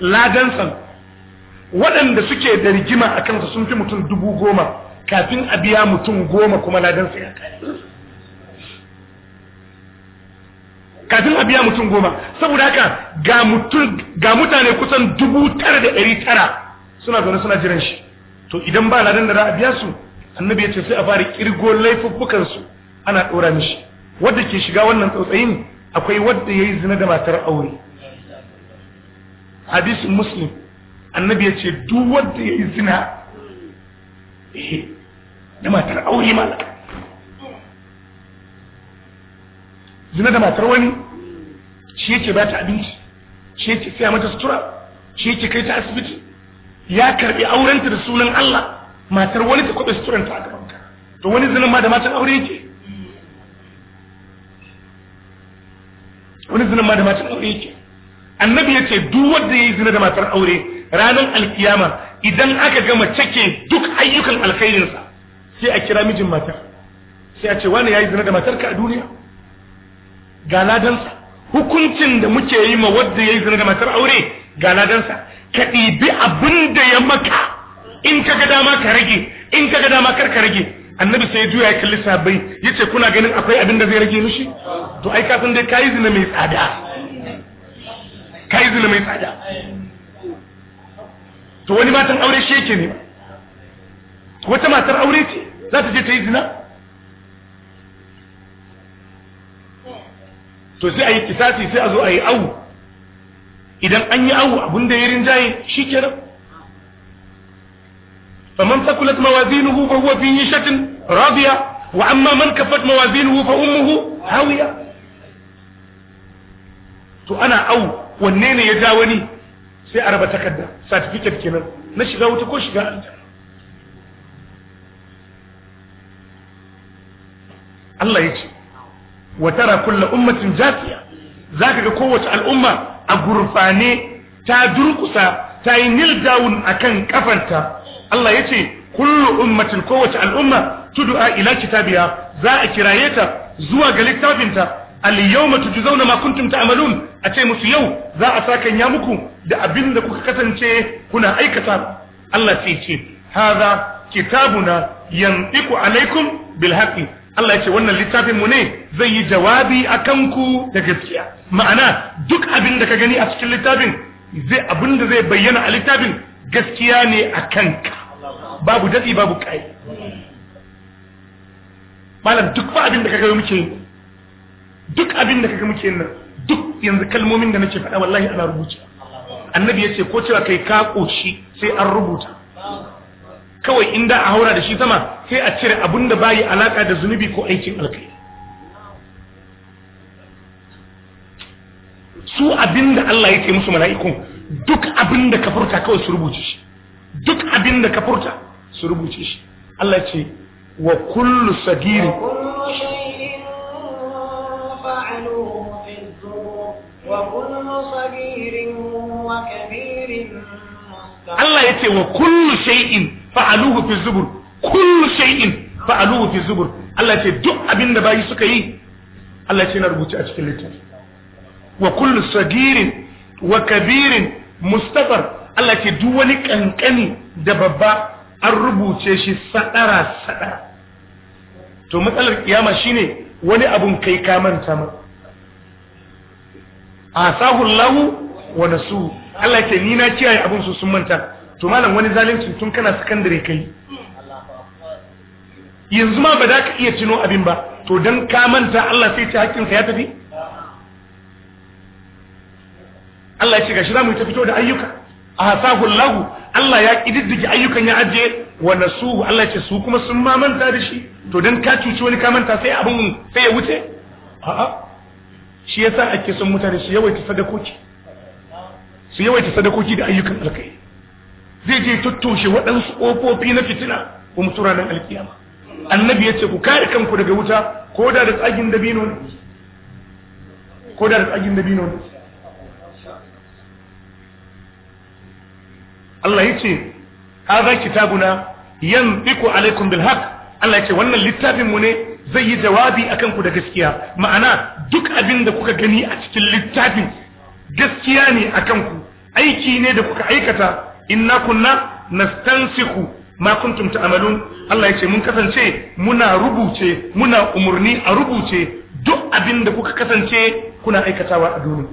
ladansan waɗanda suke da rigima a kansa sun fi mutum dubu goma kafin a biya mutum goma kuma ladansa ya kare kafin a biya mutum goma saboda haka ga mutane kusan dubu tara da ɗari tara suna zaune suna jiran shi to idan ba ladan da za a biya su annabi ya ce sai a fara kirgo laifuffukansu su ana ɗora mishi Wadda ke shiga wannan tsautsayin akwai wadda ya yi zina da matar aure hadisi muslim annabi ya ce duk ya yi zina eh, da matar aure mala zina da matar wani shi yake ba ta abinci shi yake siya mata sutura shi yake kai ta asibiti ya karbi aurenta da sunan Allah matar wani ta kwabe suturanta a gabanka to wani zinin ma da matan aure yake wani zinin ma da matan aure yake annabi ya ce duk wanda ya yi zina da matar aure ranar alkiyama idan aka gama cake duk ayyukan alkhairinsa sai a kira mijin matar sai a ce wani ya yi zina da matarka a duniya ga ladansa hukuncin da muke yi ma wadda ya yi zina da matar aure ga ladansa ka ɗibi abin da ya maka in ka ga dama ka rage in ka ga dama kar ka rage annabi sai juya ya kalli sabai ya ce kuna ganin akwai abin da zai rage mishi to ai kafin san dai yi zina mai tsada yi zina mai tsada to wani matan aure shi yake ne wata matar aure ce za ta je ta yi zina to sai a yi kisasi sai a zo a yi awu idan an yi awu abin da ya rinjaye shi kenan faman sakulat mawazinuhu fa huwa fi yishatin radiya wa amma man kafat mawazinuhu fa ummuhu hawiya to ana awu wanne ne ya ja wani sai a raba takarda certificate kenan na shiga wuta ko shiga Allah ya ce wa tara kullu ummatin jafiya zaka ga kowace al'umma a gurfane ta durkusa ta yi nil a akan kafanta Allah yace kullu ummatin kowace al'umma a ila kitabiya za a kiraye ta zuwa ga littafinta al-yawma tujzauna ma kuntum ta'malun a ce musu yau za a saka nya muku da abin da kuka kasance kuna aikata Allah sai ce hadha kitabuna yantiqu alaikum bil haqqi Allah ya ce wannan littafin mu ne zai yi jawabi a kanku da gaskiya ma'ana duk abin da ka gani a cikin littafin zai abin da zai bayyana a littafin gaskiya ne a kanka. babu dadi babu ƙa'i. malam duk fa abin da kaga muke duk abin da kaga muke nan duk yanzu kalmomin da nake faɗa wallahi ana rubuta annabi ya ce ko cewa kai ka koshi sai an rubuta kawai in da a haura da shi sama sai a cire abun da bayi alaka da zunubi ko aikin alkai su abin da Allah ya ce musu mala'ikun duk abin da ka furta kawai su rubuce shi duk abin da ka furta su rubuce shi Allah ya ce wa kullu sagiri Allah ya ce wa kullu shay'in fa'aluhu fi zubur kullu shay'in fa'aluhu fi zubur Allah ce duk abinda bayi suka yi Allah ce na rubuce a cikin littafi wa kullu sagirin wa kabirin mustafar Allah ce duk wani kankani da babba an rubuce shi sadara sadara to matsalar kiyama shine wani abun kai ka manta ma asahu Allah wa nasu Allah ce ni na kiyaye abun su sun manta to malam wani zalunci tun kana sakandare kai yanzu ma ba za ka iya cino abin ba to don ka manta Allah sai ce hakkinsa ya tafi Allah ya ce shi za mu ta fito da ayyuka a hasahu lahu Allah ya kididdige ayyukan ya ajiye wa nasu. Allah ya ce su kuma sun ma manta da shi to don ka cuci wani kamanta sai abin sai ya wuce a'a shi yasa ake son mutane su yawaita sadakoki su yawaita sadakoki da ayyukan alkai zai je tattoshe waɗansu ƙofofi na fitina ko mutura nan alkiyama annabi ya ce ku kare kanku daga wuta ko da da tsagin dabino ne ko da da tsagin dabino ne Allah ya ce alaikum bil Allah ya ce wannan littafin mu ne zai yi jawabi a kanku da gaskiya ma'ana duk abin da kuka gani a cikin littafin gaskiya ne a kanku aiki ne da kuka aikata inna kunna nastansikhu ma kuntum ta'malun Allah ya ce mun kasance muna rubuce muna umurni a rubuce duk abin da kuka kasance kuna aikatawa a duniya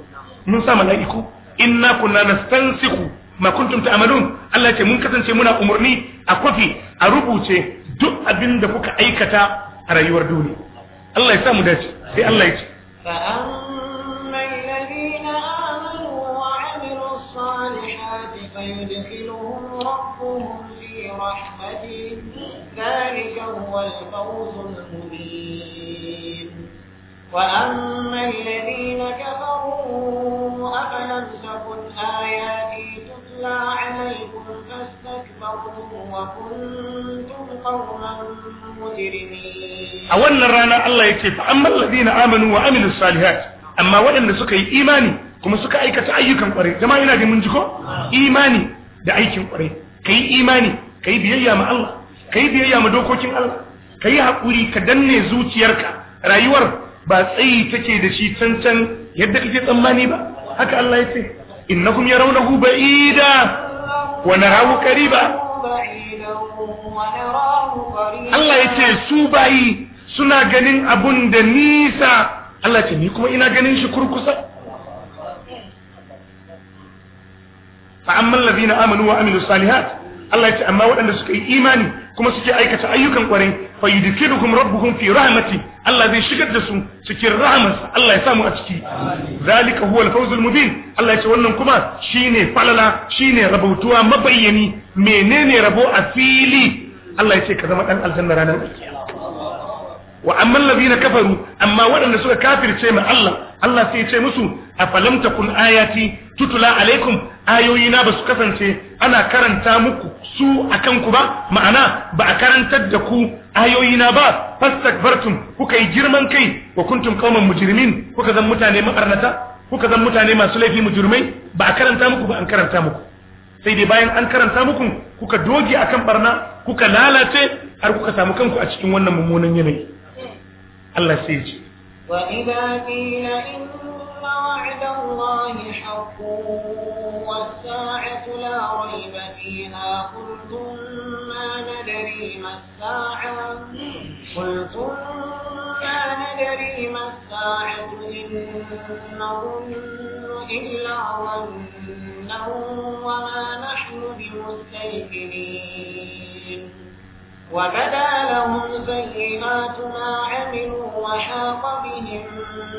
mun sa mala'iku inna kunna nastansikhu ma kuntum ta'malun Allah ya ce mun kasance muna umurni a kofi a rubuce duk abin da kuka aikata a rayuwar duniya Allah ya sa mu dace sai Allah ya ce fa'amman alladhina الصالحات فيدخلهم ربهم في رحمته ذلك هو الفوز المبين وأما الذين كفروا أفلم تكن آياتي تتلى عليكم فاستكبرتم وكنتم قوما مجرمين أولا رانا الله يكتب أما الذين آمنوا وعملوا الصالحات أما وإن سكي إيماني kuma suka aikata ayyukan kware. zama ina da mun jiko imani da aikin Ka kai imani kai biyayya ma Allah kai biyayya ma dokokin Allah kai hakuri ka danne zuciyarka rayuwar ba tsayi take da shi cancan yadda kake tsammani ba haka Allah ya ce innakum yarawnahu ba'ida wa narahu qariba Allah ya ce su bayi suna ganin abun da nisa Allah ce ni kuma ina ganin shi kurkusa fa amma allazina amanu wa amilus salihat Allah ya ce amma waɗanda suka yi imani kuma suke aikata ayyukan kwarai fa yudkhilukum rabbuhum fi rahmati Allah zai shigar da su cikin rahmarsa Allah ya samu a ciki zalika huwa al-fawzul mubin Allah wannan kuma shine falala shine rabautuwa mabayyani menene rabo a fili Allah yace ka zama ɗan aljanna a kiyama wa amman ladina kafaru amma waɗanda suka kafirce ma Allah Allah sai ya ce musu afalam takun ayati tutula alaikum ayoyi na basu kasance ana karanta muku su akan ku ba ma'ana ba a karantar da ku ayoyi na ba fastakbartum kuka yi girman kai wa kuntum qauman mujrimin kuka zan mutane mabarnata kuka zan mutane masu laifi mujrimai ba a karanta muku ba an karanta muku sai dai bayan an karanta muku kuka doge akan barna kuka lalace har kuka samu kanku a cikin wannan mummunan yanayi الله سيجي وإذا قيل إن وعد الله حق والساعة لا ريب فيها قلتم ما ندري ما الساعة قلتم ما ندري ما الساعة إن نظن إلا ظنا وما نحن بمستيقنين وبدا لهم سيئات ما عملوا وحاق بهم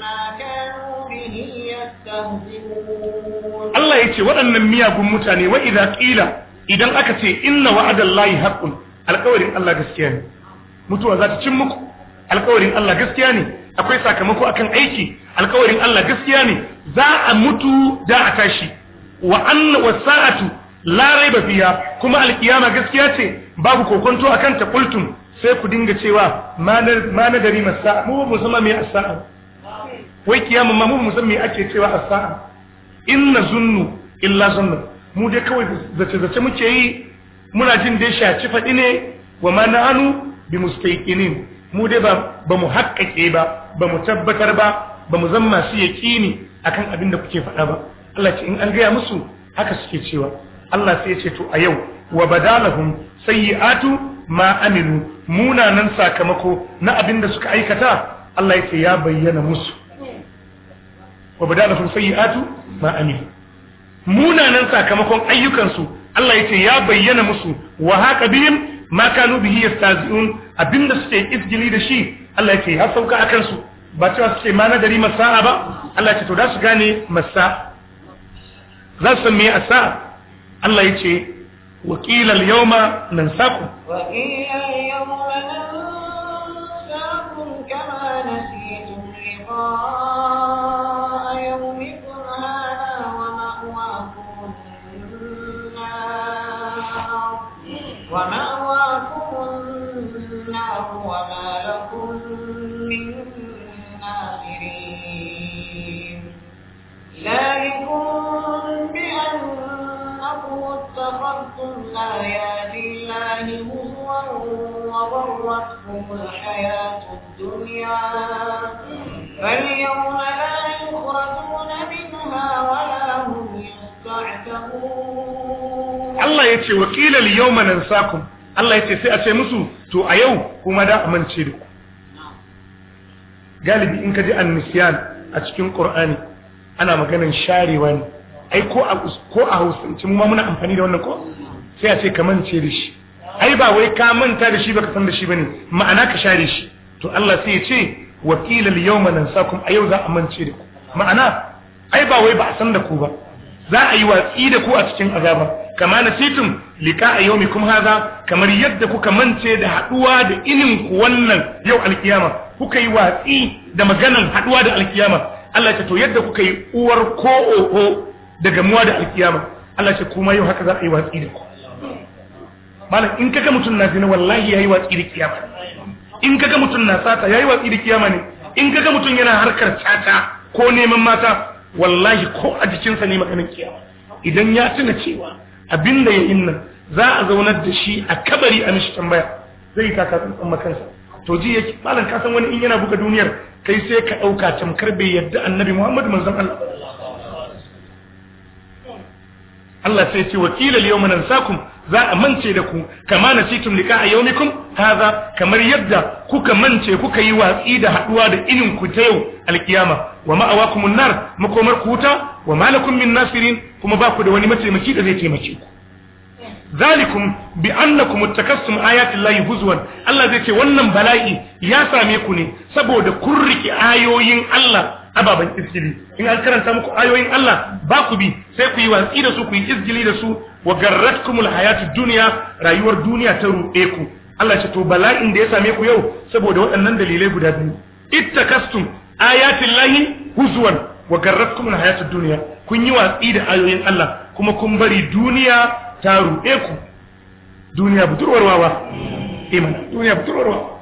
ما كانوا به يستهزئون الله يتي waɗannan miyagun mutane wa idza qila idan aka ce inna wa'adallahi haqqun alƙawarin Allah gaskiya ne mutuwa za ta cin muku alƙawarin Allah gaskiya ne akwai sakamako akan aiki alƙawarin Allah gaskiya ne za a mutu da a tashi wa anna wasa'atu la raiba fiha kuma alƙiyama gaskiya ce babu kokonto a kanta kultum sai ku dinga cewa ma na dari masa'a mu mu mai me asa'a wai kiyama ma mu mu me ake cewa asa'a inna zunnu illa zunnu mu dai kawai zace zace muke yi muna jin dai shaci faɗi ne wa ma hannu bi mustaqinin mu dai ba mu haƙƙaƙe ba ba mu tabbatar ba ba mu zama masu yaƙini akan abin da kuke faɗa ba Allah ce in an gaya musu haka suke cewa Allah sai ya ce to a yau wa badalahum sayyi'atu ma amilu nan sakamako na abin da suka aikata Allah ya ce ya bayyana musu wa badalahum sayyi'atu ma amilu nan sakamakon ayyukansu Allah ya ce ya bayyana musu wa haka bihim ma kanu bihi yastazi'un da suke izgili da shi Allah ya ce ya sauka akan su ba cewa suke ce ma nadari masa'a ba Allah ya ce to da su gane masa za su san me asa Allah ya ce وقيل اليوم ننساكم وقيل اليوم ننساكم كما نسيتم لقاء يومكم هذا ومأواكم النار وما آيات الله هزوا وغرتهم الحياة الدنيا فاليوم لا يخرجون منها ولا هم يستعتبون الله يتي وكيل اليوم ننساكم Allah ya ce sai a ce musu to a yau kuma da amince da ku galibi in ka ji annisyan a cikin qur'ani ana maganin sharewa ne ai ko a ko a hausance mu ma muna amfani da wannan ko sai a ce ka mance da shi ai ba wai ka manta da shi baka san da shi bane ma'ana ka share shi to Allah sai ya ce wa qila al-yawma nansakum a yau za a mance da ku ma'ana ai ba wai ba a san da ku ba za a yi watsi da ku a cikin azaba kama nasitum lika a yau kuma haza kamar yadda kuka mance da haduwa da inin ku wannan yau alkiyama kuka yi watsi da maganan haduwa da alkiyama Allah ce to yadda kuka yi uwar ko oho da gamuwa da alkiyama Allah ce kuma yau haka za a yi watsi da ku malam in kaga mutum na zina wallahi yayi watsi da kiyama in kaga mutum na sata yayi watsi da kiyama ne in kaga mutum yana harkar tata ko neman mata wallahi ko a jikinsa ne maganin kiyama idan ya tuna cewa abinda ya nan za a zaunar da shi a kabari a mishi tambaya zai yi taka tsantsan makansa to ji yake malam ka san wani in yana buga duniyar kai sai ka dauka tamkar bai yadda annabi Muhammadu manzon Allah Allah sai ce wakilal yawma nansakum za a mance da ku kama na nasitum a yawmikum haza kamar yadda kuka mance kuka yi watsi da haduwa da irin ku ta yau alkiyama wa ma'awakumun nar makomar ku wuta wa malakum min nasirin kuma ba ku da wani mataimaki da zai taimake ku zalikum bi annakum ittakassum ayati llahi huzwan Allah zai ce wannan bala'i ya same ku ne saboda kun riki ayoyin Allah ababan izgili in an karanta muku ayoyin Allah ba ku bi sai ku yi watsi da su ku yi izgili da su wa garratkumul hayatu dunya rayuwar duniya ta ruɗe ku Allah ce to bala'in da ya same ku yau saboda waɗannan dalilai guda biyu ittakastum ayatin lahi huzuwan wa garratkumul hayatu dunya kun yi watsi da ayoyin Allah kuma kun bari duniya ta ruɗe ku duniya budurwar wawa imana eh duniya budurwar wawa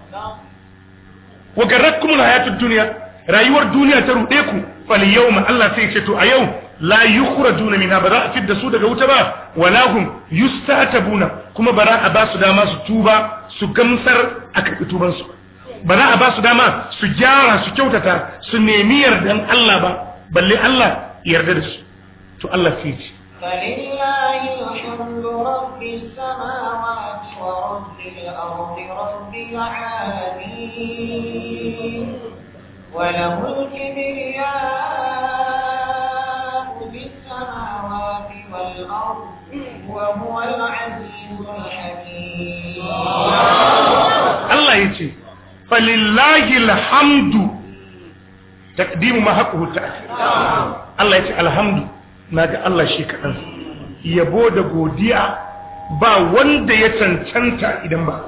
wa garratkumul hayatu dunya rayuwar duniya ta ruɗe ku fal ma Allah sai ce to a yau la yukhrajuna minha ba za a fidda su daga wuta ba wala hum yustatabuna kuma ba za a ba su dama su tuba su gamsar a karɓi tuban su ba a ba su dama su gyara su kyautata su nemi yardan Allah ba balle Allah yarda da su to Allah sai ce فلله الحمد رب السماوات ورب الأرض رب العالمين وله الكبرياء في السماوات والأرض وهو العزيز الحكيم الله يجي فلله الحمد تقديم ما حقه التأخير الله يجي الحمد naga Allah shi kaɗan yabo da godiya ba wanda ya cancanta idan ba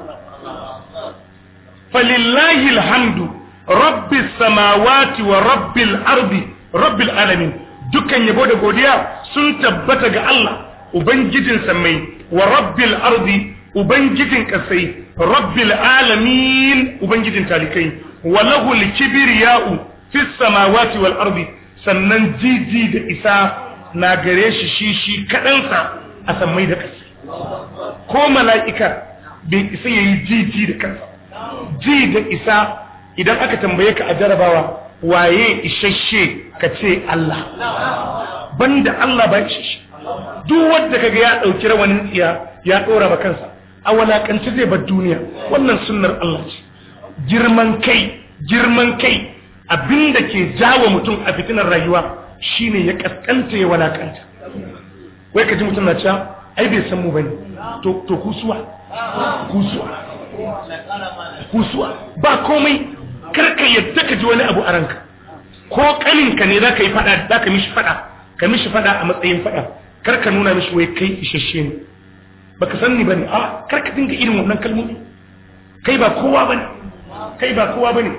falillahi alhamdu rabbi samawati wa rabbil ardi rabbil alamin dukkan yabo da godiya sun tabbata ga Allah ubangijin samai wa rabbil ardi ubangijin kasai rabbil alamin ubangijin talikai wa lahul kibriya'u fis samawati wal ardi sannan jiji da isa na gare shi shi shi kadansa a samai da kasai ko mala'ika bai isa yayi jiji da kansa ji da isa idan aka tambaye ka a jarabawa waye isasshe ka ce Allah banda Allah ba isasshe duk wanda kaga ya ɗauki rawanin iya ya dora ba kansa a walakanci zai bar duniya wannan sunnar Allah ce girman kai girman kai abinda ke jawo mutum a fitinar rayuwa shine ya kaskanta ya walakanta wai ka ji mutum na cewa ai bai san mu bane to to kusuwa kusuwa kusuwa ba komai karka yadda ka ji wani abu a ranka ko kaninka ne zaka yi fada zaka mishi fada ka mishi fada a matsayin fada karka nuna mishi wai kai isasshe ne baka san ni bane a karka dinga irin wannan kalmomi kai ba kowa bane kai ba kowa bane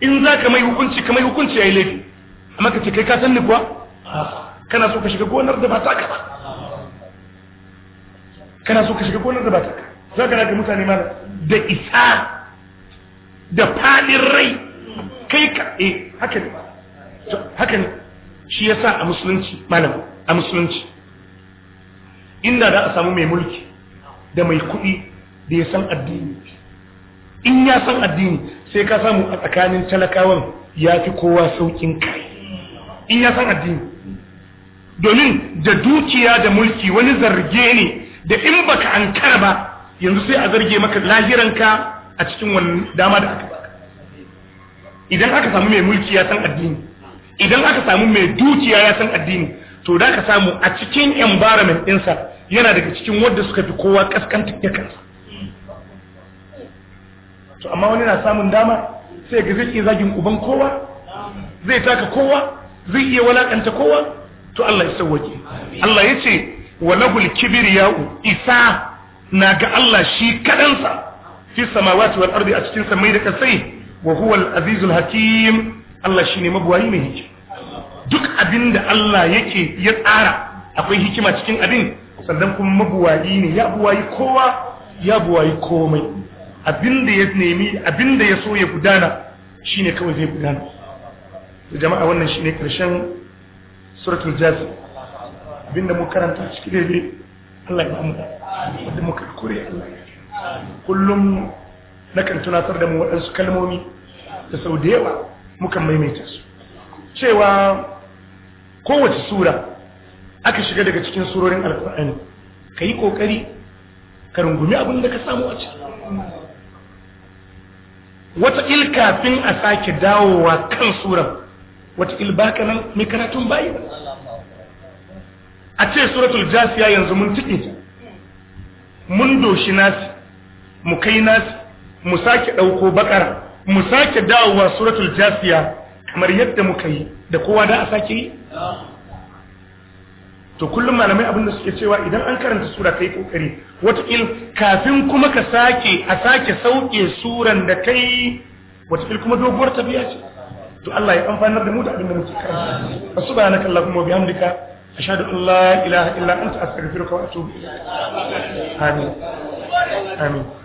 in zaka mai hukunci ka mai hukunci yayi laifi amma ka ce kai ka san ni kuwa kana so ka shiga gonar da ba ta ka ba kana so ka shiga gonar da ba ta ka zaka ga mutane ma da isa da fadin rai kai ka eh haka ne haka ne shi yasa a musulunci malam a musulunci inda da a samu mai mulki da mai kuɗi da ya san addini in ya san addini sai ka samu a tsakanin talakawan ya fi kowa saukin kai in ya san addini domin da dukiya da mulki wani zarge ne da in baka ankara ba yanzu sai a zarge maka lahiranka a cikin wannan dama da aka baka idan aka samu mai mulki ya san addini idan aka samu mai dukiya ya san addini to da ka samu a cikin environment ɗinsa yana daga cikin wadda suka fi kowa kaskantar da kansa to amma wani na samun dama sai ga zai zagin uban kowa zai taka kowa zai iya walakanta kowa to Allah ya sauwaje Allah ya ce walahul ya'u. isa na ga Allah shi kadansa fi samawati wal a cikin mai da kasai wa huwa al azizul hakim Allah shine mabuwayi mai duk abinda Allah yake ya tsara akwai hikima cikin abin sannan kuma mabuwayi ne ya buwayi kowa ya buwayi komai abinda ya nemi abinda ya so ya gudana shine kawai zai gudana jama'a wannan shine karshen suratul jazi abinda mu karanta cikin daidai Allah ya kore kullum nakan tunatar da mu waɗansu kalmomi da sau da yawa mukan maimaita su cewa kowace sura aka shiga daga cikin surorin alkur'ani ka yi ƙoƙari ka rungumi abin da ka samu a ciki wata il kafin a sake dawowa kan suran wata il baka nan mai karatun bayi ba a ce suratul jasiya yanzu mun tike ta mun doshi nasi mu kai nasi, mu sake ɗauko bakara mu sake dawowa suratul jasiya kamar yadda muka yi da kowa da a sake yi to kullum malamai abin da suke cewa idan an karanta sura kai kokari watakil kafin kuma ka sake a sake sauke suran da kai watakil kuma doguwar tafiya ce to Allah ya amfanar da mu da abinda muke karanta subhanakallahumma wa bihamdika ashhadu an la ilaha illa anta astaghfiruka wa atubu ilaik amin amin